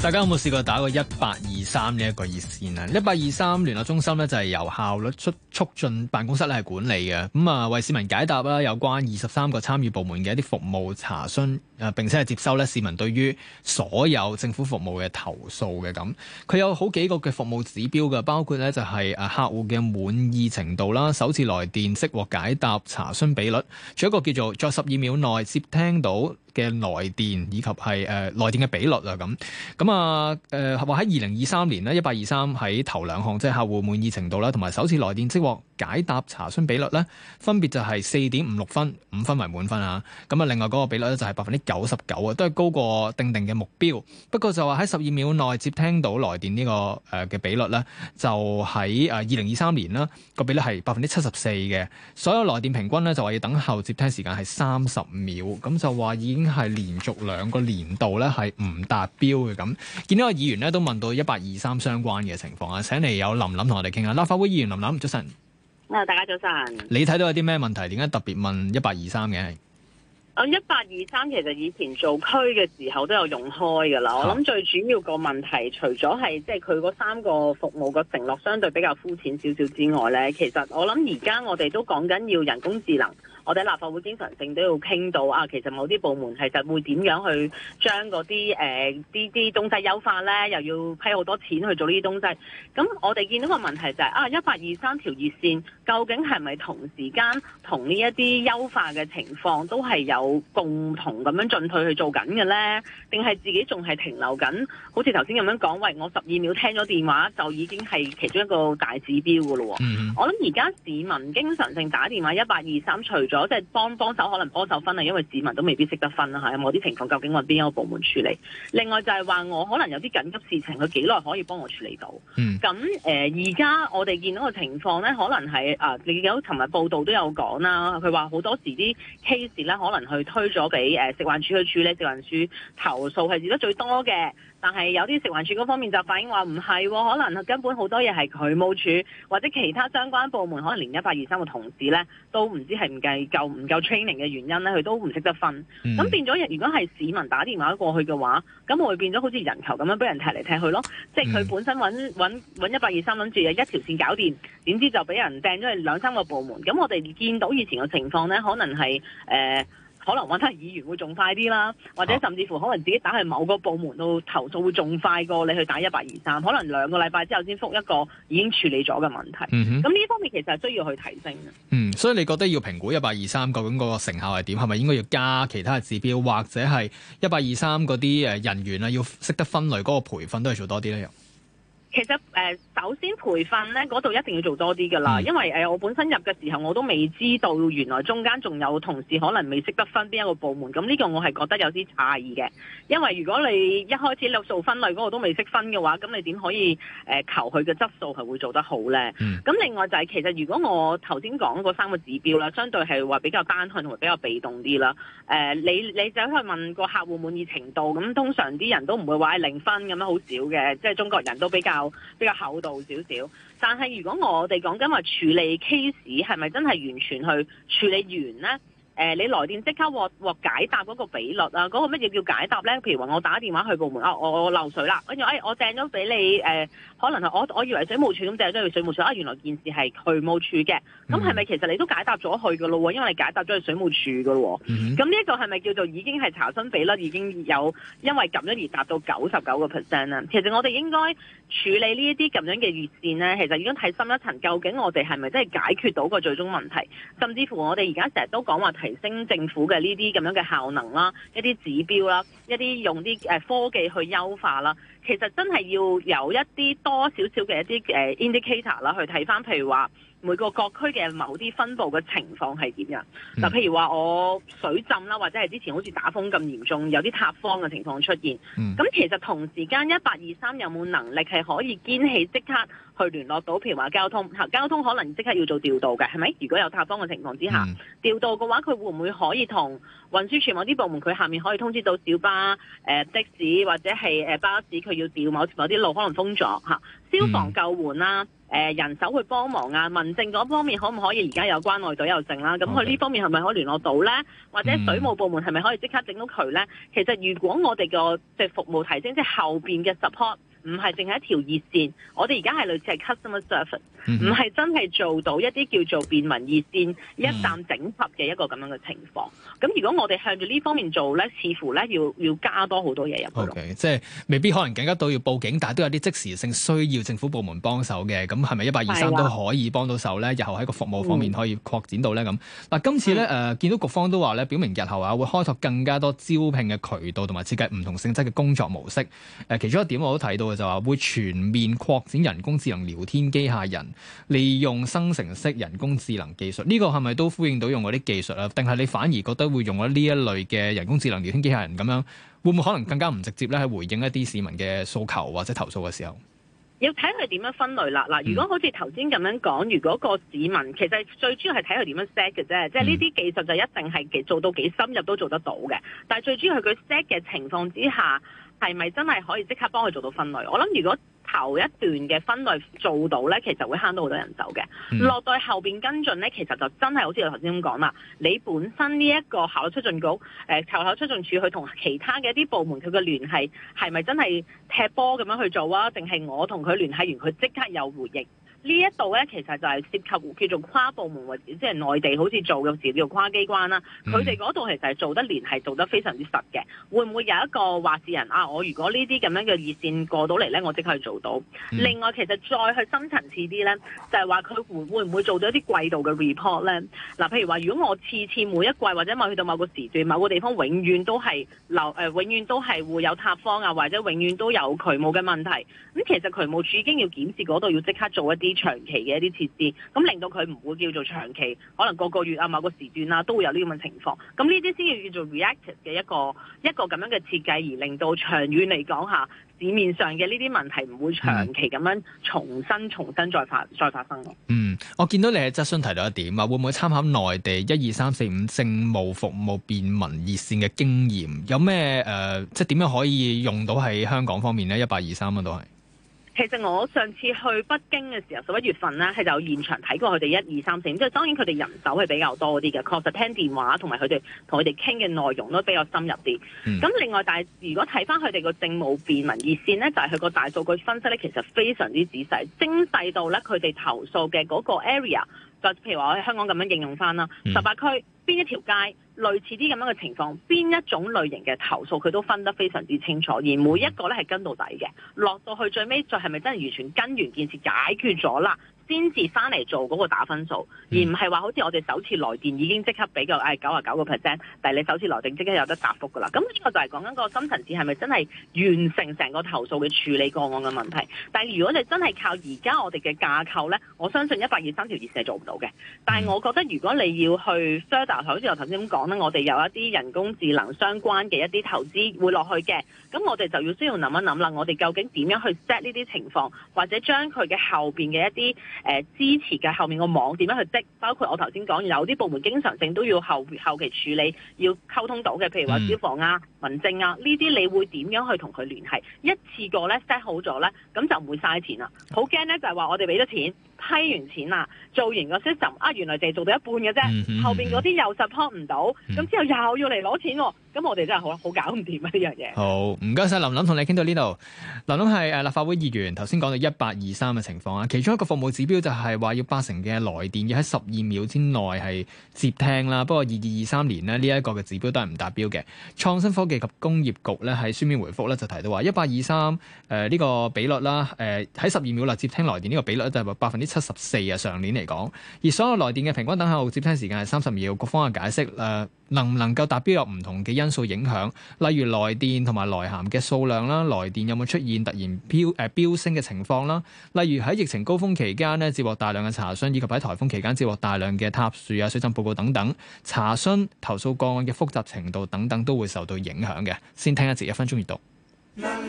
大家有冇試過打過一八二三呢一個熱線啊？一八二三聯絡中心呢就係由效率促促進辦公室咧係管理嘅，咁啊為市民解答啦有關二十三個參與部門嘅一啲服務查詢，誒並且係接收呢市民對於所有政府服務嘅投訴嘅。咁，佢有好幾個嘅服務指標嘅，包括呢就係誒客戶嘅滿意程度啦、首次來電即獲解答查詢比率，仲有一個叫做在十二秒內接聽到。嘅來電以及係誒、呃、來電嘅比率啊，咁咁啊誒話喺二零二三年咧，一八二三喺頭兩項即係客戶滿意程度啦，同埋首次來電即獲解答查詢比率咧，分別就係四點五六分，五分為滿分啊。咁啊，另外嗰個比率咧就係百分之九十九啊，都係高過定定嘅目標。不過就話喺十二秒內接聽到來電呢、這個誒嘅、呃、比率咧，就喺誒二零二三年啦個比率係百分之七十四嘅。所有來電平均咧就話要等候接聽時間係三十秒，咁就話已經。係連續兩個年度咧係唔達標嘅。咁，見到個議員咧都問到一八二三相關嘅情況啊，請嚟有林琳同我哋傾下。立法會議員林琳，早晨。啊，大家早晨。你睇到有啲咩問題？點解特別問一八二三嘅？哦，一八二三其實以前做區嘅時候都有用開噶啦。我諗最主要個問題，除咗係即係佢嗰三個服務嘅承諾相對比較膚淺少少之外咧，其實我諗而家我哋都講緊要人工智能。我哋立法會經常性都要傾到啊，其實某啲部門其實會點樣去將嗰啲誒啲啲東西優化咧，又要批好多錢去做呢啲東西。咁我哋見到個問題就係啊，一八二三條熱線究竟係咪同時間同呢一啲優化嘅情況都係有共同咁樣進退去做緊嘅咧？定係自己仲係停留緊？好似頭先咁樣講，喂， 我十二秒聽咗電話就已經係其中一個大指標嘅咯。我諗而家市民經常性打電話一八二三，除咗我即係幫幫手，可能幫手分啊，因為市民都未必識得分啦吓，有冇啲情況究竟搵邊一個部門處理？另外就係話我可能有啲緊急事情，佢幾耐可以幫我處理到？咁誒、嗯，而家、呃、我哋見到嘅情況咧，可能係啊，你有琴日報道都有講啦，佢話好多時啲 case 咧，可能去推咗俾誒食環署去處理，食環署投訴係佔得最多嘅。但係有啲食環署嗰方面就反映話唔係，可能根本好多嘢係佢冇處，或者其他相關部門，可能連一八二三個同事咧都唔知係唔夠唔夠 training 嘅原因咧，佢都唔識得瞓，咁、嗯、變咗，如果係市民打電話過去嘅話，咁會變咗好似人球咁樣俾人踢嚟踢去咯。即係佢本身揾揾、嗯、一八二三諗住有一條線搞掂，點知就俾人掟咗去兩三個部門。咁我哋見到以前嘅情況咧，可能係誒。呃可能搵到議員會仲快啲啦，或者甚至乎可能自己打去某個部門都投訴會仲快過你去打一八二三，可能兩個禮拜之後先覆一個已經處理咗嘅問題。嗯哼，咁呢方面其實係需要去提升嘅。嗯，所以你覺得要評估一八二三究竟個成效係點？係咪應該要加其他嘅指標，或者係一八二三嗰啲誒人員啊，要識得分類嗰個培訓都係做多啲咧？其實誒、呃，首先培訓咧嗰度一定要做多啲噶啦，因為誒、呃、我本身入嘅時候我都未知道，原來中間仲有同事可能未識得分邊一個部門，咁呢個我係覺得有啲詫異嘅。因為如果你一開始你做分類嗰個都未識分嘅話，咁你點可以誒、呃、求佢嘅質素係會做得好咧？咁另外就係、是、其實如果我頭先講嗰三個指標咧，相對係話比較單向同埋比較被動啲啦。誒、呃，你你走去問個客戶滿意程度，咁通常啲人都唔會話係零分咁樣，好少嘅，即係中國人都比較。比較厚道少少，但係如果我哋講緊話處理 case 係咪真係完全去處理完咧？誒、呃，你來電即刻獲獲解答嗰個比率啊，嗰、嗰個乜嘢叫解答咧？譬如話我打電話去部門啊，我我漏水啦，跟住誒，我訂咗俾你誒。呃可能係我我以為水務處咁就係因為水務處啊，原來件事係渠務處嘅。咁係咪其實你都解答咗佢嘅咯？因為你解答咗係水務處嘅咯。咁呢一個係咪叫做已經係查詢比率已經有因為咁樣而達到九十九個 percent 啦？其實我哋應該處理呢一啲咁樣嘅熱線呢，其實已經睇深一層，究竟我哋係咪真係解決到個最終問題？甚至乎我哋而家成日都講話提升政府嘅呢啲咁樣嘅效能啦，一啲指標啦，一啲用啲誒科技去優化啦。其實真係要有一啲多少少嘅一啲誒 indicator 啦，去睇翻，譬如話，每個各區嘅某啲分佈嘅情況係點樣？嗱、嗯，譬如話我水浸啦，或者係之前好似打風咁嚴重，有啲塌方嘅情況出現。咁、嗯、其實同時間一八二三有冇能力係可以堅起即刻去聯絡到？譬如話交通嚇，交通可能即刻要做調度嘅，係咪？如果有塌方嘅情況之下，嗯、調度嘅話，佢會唔會可以同運輸署某啲部門佢下面可以通知到小巴、誒、呃、的士或者係誒、呃、巴士，佢要調某某啲路可能封咗嚇？啊消防救援啦、啊，誒、呃、人手去幫忙啊，民政嗰方面可唔可以而家有關愛隊又證啦，咁佢呢方面係咪可以聯絡到咧？或者水務部門係咪可以即刻整到渠咧？其實如果我哋個即係服務提升，即係後邊嘅 support。唔係淨係一條熱線，我哋而家係類似係 customer service，唔係、嗯、哼真係做到一啲叫做便民熱線一站整合嘅一個咁樣嘅情況。咁、嗯、如果我哋向住呢方面做咧，似乎咧要要加多好多嘢入去 okay, 即係未必可能緊急到要報警，但係都有啲即時性需要政府部門幫手嘅。咁係咪一八二三都可以幫到手咧？日後喺個服務方面可以擴展到咧咁。嗱，今次咧誒、呃、見到局方都話咧，表明日後啊會開拓更加多招聘嘅渠道同埋設計唔同性質嘅工作模式。誒、呃、其中一點我都睇到就話會全面擴展人工智能聊天機械人，利用生成式人工智能技術。呢個係咪都呼應到用嗰啲技術啊？定係你反而覺得會用咗呢一類嘅人工智能聊天機械人咁樣，會唔會可能更加唔直接咧？喺回應一啲市民嘅訴求或者投訴嘅時候，要睇佢點樣分類啦。嗱，如果好似頭先咁樣講，如果個市民其實最主要係睇佢點樣 set 嘅啫，即係呢啲技術就一定係做到幾深入都做得到嘅。但係最主要係佢 set 嘅情況之下。係咪真係可以即刻幫佢做到分類？我諗如果頭一段嘅分類做到呢，其實會慳到好多人手嘅。嗯、落到後邊跟進呢，其實就真係好似我頭先咁講啦。你本身呢一個考出進局誒校校出進處，佢同其他嘅一啲部門，佢嘅聯繫係咪真係踢波咁樣去做啊？定係我同佢聯繫完，佢即刻有回應？呢一度咧，其實就係涉及叫做跨部門或者即係內地好似做嘅時叫做跨機關啦。佢哋嗰度其實係做得連係做得非常之實嘅。會唔會有一個話事人啊？我如果呢啲咁樣嘅熱線過到嚟咧，我即刻去做到。Mm. 另外，其實再去深層次啲咧，就係話佢會唔會做到一啲季度嘅 report 咧？嗱、啊，譬如話，如果我次次每一季或者某去到某個時段、某個地方，永遠、呃，永遠都係留誒，永遠都係會有塌方啊，或者永遠都有渠務嘅問題，咁、嗯、其實渠務處已經要檢視嗰度要即刻做一啲。啲長期嘅一啲設施，咁令到佢唔會叫做長期，可能個個月啊、某個時段啊都會有呢咁嘅情況。咁呢啲先要叫做 reactive 嘅一個一個咁樣嘅設計，而令到長遠嚟講下市面上嘅呢啲問題唔會長期咁樣重新、重新再發、再發生咯。嗯，我見到你係質詢提到一點啊，會唔會參考內地一二三四五政務服務便民熱線嘅經驗？有咩誒、呃，即係點樣可以用到喺香港方面呢？一八二三啊，都係。其實我上次去北京嘅時候，十一月份呢，係就有現場睇過佢哋一二三四，即係當然佢哋人手係比較多啲嘅，確實聽電話同埋佢哋同佢哋傾嘅內容都比較深入啲。咁、嗯、另外，但係如果睇翻佢哋個政務便民熱線呢，就係佢個大數據分析呢，其實非常之仔細精細到呢。佢哋投訴嘅嗰個 area，就譬如話我喺香港咁樣應用翻啦，嗯、十八區邊一條街。類似啲咁樣嘅情況，邊一種類型嘅投訴佢都分得非常之清楚，而每一個呢，係跟到底嘅，落到去最尾，再係咪真係完全跟完件事解決咗啦？先至翻嚟做嗰個打分數，而唔係話好似我哋首次來電已經即刻俾個誒九啊九個 percent，但係你首次來電即刻有得答覆㗎啦。咁呢個就係講緊個深層次係咪真係完成成個投訴嘅處理個案嘅問題？但係如果你真係靠而家我哋嘅架構呢，我相信一百二三條熱線做唔到嘅。但係我覺得如果你要去 further，好似我頭先咁講啦，我哋有一啲人工智能相關嘅一啲投資會落去嘅，咁我哋就要需要諗一諗啦，我哋究竟點樣去 set 呢啲情況，或者將佢嘅後邊嘅一啲。誒、呃，支持嘅後面個網點樣去積？包括我頭先講有啲部門經常性都要後後期處理，要溝通到嘅，譬如話消防啊、民政啊呢啲，你會點樣去同佢聯繫？一次過咧 set 好咗咧，咁就唔會嘥錢啦。好驚咧就係、是、話我哋俾咗錢。批完錢啦，做完個 system 啊，原來就係做到一半嘅啫，嗯嗯嗯，後邊嗰啲又 support 唔到，咁、嗯嗯、之後又要嚟攞錢喎、哦，咁我哋真係好好搞唔掂啊呢樣嘢。好，唔該晒，林琳同你傾到呢度。林琳係誒立法會議員，頭先講到一八二三嘅情況啊，其中一個服務指標就係話要八成嘅來電要喺十二秒之內係接聽啦。不過二二二三年呢，呢一個嘅指標都係唔達標嘅。創新科技及工業局咧喺書面回覆咧就提到話一八二三誒呢個比率啦，誒喺十二秒內接聽來電呢、呢個比率就係百分之七十四啊，上年嚟講，而所有來電嘅平均等候接聽時間係三十二秒。各方嘅解釋誒、呃，能唔能夠達標有唔同嘅因素影響，例如來電同埋來函嘅數量啦，來電有冇出現突然飆誒、呃、飆升嘅情況啦，例如喺疫情高峰期間咧接獲大量嘅查詢，以及喺颱風期間接獲大量嘅塔樹啊、水浸報告等等，查詢投訴個案嘅複雜程度等等都會受到影響嘅。先聽一節一分鐘以讀。